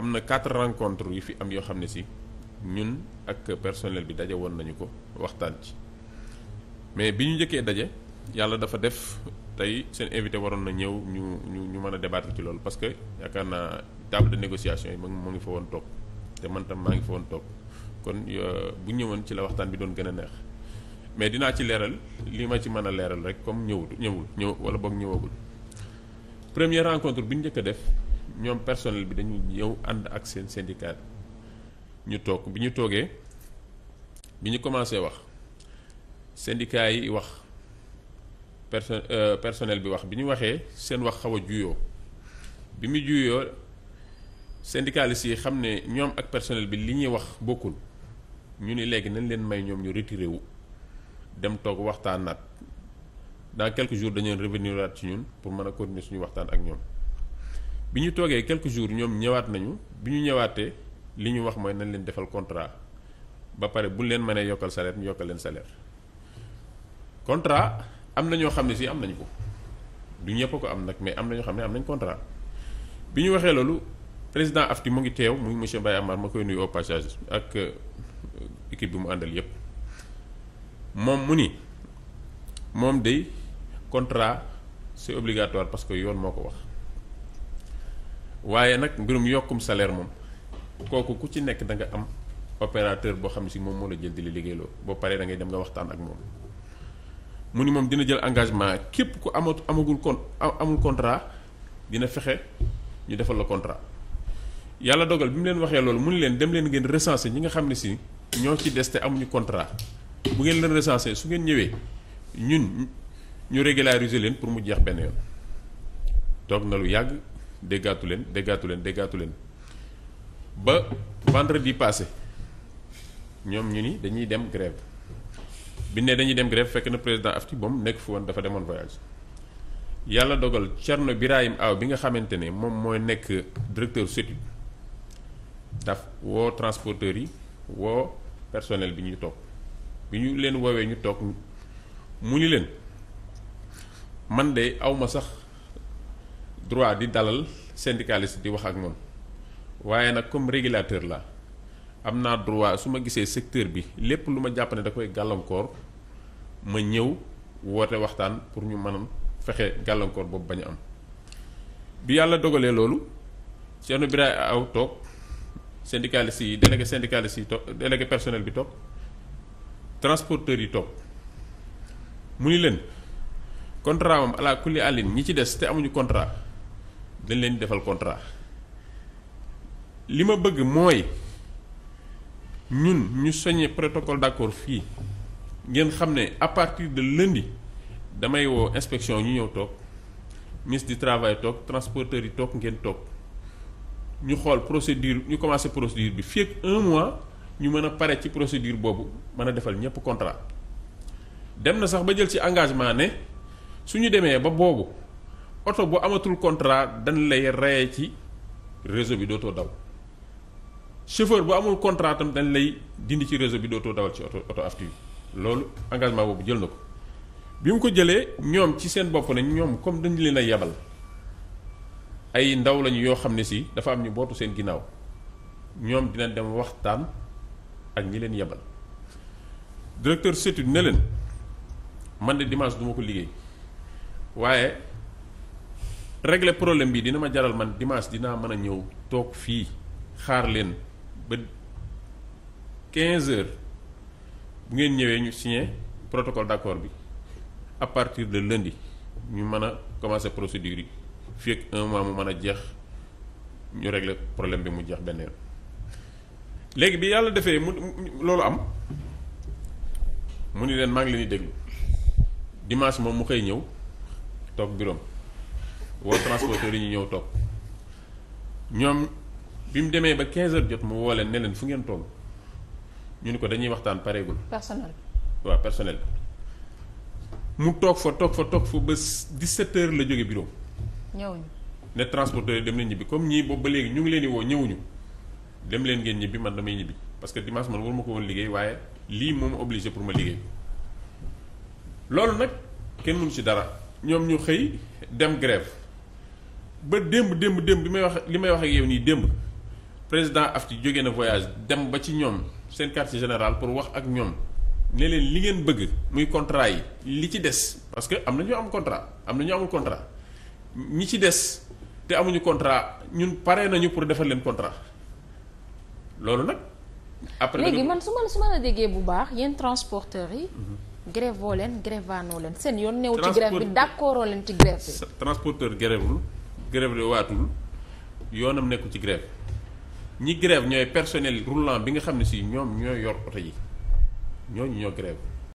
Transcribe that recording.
am na quatre rencontres yu fi am yoo xam ne si ñun ak personnel bi daje woon nañu ko waxtaan ci mais bi ñu njëkkee daje yàlla dafa def tey seen invité waroon na ñëw ñu ñu ñu mën a débattre ci loolu parce que yaakaar naa table de négociation yi ma mu ngi fa woon toog te man tam maa ngi fa woon toog kon euh, bu ñëwoon ci la waxtaan bi doon gën a neex mais dinaa ci leeral li ma ci mën a leeral rek comme ñëwut ñëwul ñëw wala boog ñëwagul première rencontre bi ñu njëkk a def ñoom personnel bi dañu ñëw ànd ak seen syndicat ñu toog bi ñu toogee bi ñu commencé wax syndicat yi wax perso euh, personnel bi wax bi ñu waxee seen wax xaw a juyoo bi mu juyoo syndicalistes yi xam ne ñoom ak personnel bi li ñuy wax bokkul ñu ni léegi nañ leen may ñoom ñu retiré wu dem toog waxtaanaat dans quelques jours dañoo revenir waat ci ñun pour mën a continuer suñu waxtaan ak ñoom. bi ñu toogee quelque jours ñoom ñëwaat nañu bi ñu ñëwaatee li ñu wax mooy nañ leen defal contrat ba pare buñ leen mënee yokkal salaire ñu yokkal leen salaire contrat am na ñoo xam ne si am nañu ko du ñëpp ko am nag mais am na ñoo xam ne am nañ contrat bi ñu waxee loolu président AFTU mu ngi teew mu monsieur Mbaye Amar ma koy nuyu au passage ak euh, équipe bi mu àndal yépp moom mu ni moom day contrat c'est obligatoire parce que yoon moo ko wax. waaye nag mbirum yokkum salaire moom kooku ku ci nekk da nga am opérateur boo xam ne si moom moo la jël di la liggéeyloo boo paree da dem nga waxtaan ak moom mu ni moom dina jël engagement képp ku amatu amagul kon amul contrat dina fexe ñu defal la contrat yàlla dogal bi mu leen waxee loolu mu ni leen dem leen ngeen recenser ñi nga xam ne si ñoo ci des te amuñu contrat bu ngeen leen recenser su ngeen ñëwee ñun ñu régulariser leen pour mu jeex benn yoon toog na lu yàgg déggaatu leen déggaatu leen déggaatu leen ba vendredi passé ñoom ñu ni dañuy dem grève bi ne dañuy dem grève fekk na président afti boom nekk fu woon dafa demoon voyage yàlla dogal Thierno biraayim Aw bi nga xamante ne moom mooy nekk directeur SETU daf woo transporteurs yi woo personnel bi ñu toog bi ñu leen woowee ñu toog mu ni leen man de awma sax droit di dalal syndicaliste di wax ak moom waaye nag comme régulateur la am naa droit su ma gisee secteur bi lépp lu ma jàpp ne da koy gàllankoor ma ñëw woote waxtaan pour ñu mën a fexe gàllankoor boobu ba ñu am bi yàlla dogalee loolu Thierno Birahim Aw toog syndicaliste yi délégué syndicaliste yi toog délégué personnel bi toog transporteurs yi toog mu ni leen contrat moom ala kulli àllin ñi ci des te amuñu contrat dañ leen defal contrat li ma bëgg mooy ñun ñu soññee protocole d'accord fii ngeen xam ne à partir de lundi damay woo inspection ñu ñëw toog ministre du travail toog transporteurs yi toog ngeen toog ñu xool procédure ñu commencé procédure bi fii ak un mois ñu mën a pare ci procédure boobu mën a defal ñépp contrat dem na sax ba jël ci engagement ne suñu demee ba boobu. oto bu amatul contrat dañ lay rayee ci réseau bi dootoo daw chauffeur bu amul contrat tam dañ lay dindi ci réseau bi dootoo dawal ci oto oto aftu yi loolu engagement boobu jël na ko bi mu ko jëlee ñoom ci seen bopp nañ ñoom comme dañu leen a yebal ay ndaw lañu yoo xam ne si dafa am ñu bootu seen ginnaaw ñoom dina dem waxtaan ak ñi leen yebal directeur CETUD ne leen man de dimanche du ko liggéey waaye. régler problème bi dina ma jaral man dimanche dinaa mën a ñëw toog fii xaar leen ba 15 heures bu ngeen ñëwee ñu signer protocole d'accord bi à partir de lundi ñu mën a commencer procédure yi fii ak un mois mu mën a jeex ñu régler problème bi mu jeex benn léegi bi yàlla defee mu loolu am mu ni leen maa ngi leen déglu dimanche moom mu koy ñëw toog biroom woo transporteurs yi ñu ñëw toog ñoom bi mu demee ba quinze heures jot mu woo leen ne leen fu ngeen toll ñu ni ko dañuy waxtaan pareegul. personnel waaw personnel mu toog fa toog fa toog fa ba 17 heures la jóge bureau ñëwuñu ne transporteurs yi dem na ñibbi comme ñii boobu ba léegi ñu ngi leen di woo ñëwuñu dem leen ngeen ñibbi man damay ñibbi parce que dimanche man war ma ko woon liggéey waaye lii moom obligé pour ma liggéey loolu nag kenn mënu ci dara ñoom ñu xëy dem grève ba démb démb démb bi may wax li may wax ak yow nii démb président Afti jóge na voyage dem ba ci ñoom seen quartier général pour wax ak ñoom ne leen li ngeen bëgg muy contrat yi li ci des parce que am na ñu am contrat am na ñu amul contrat ñi ci des te amuñu contrat ñun pare nañu pour defal leen contrat loolu nag. après léegi man su ma su ma la déggee bu baax yéen transporteurs yi. Mhm. grève woo leen grève waanoo leen seen yoon. neew ci grève bi d' leen ci grève de waatul yoonam nekkul ci grève ñi grève ñooy personnel roulant bi nga xam ne si ñoom ñooy yor oto yi ñooñu ñoo grève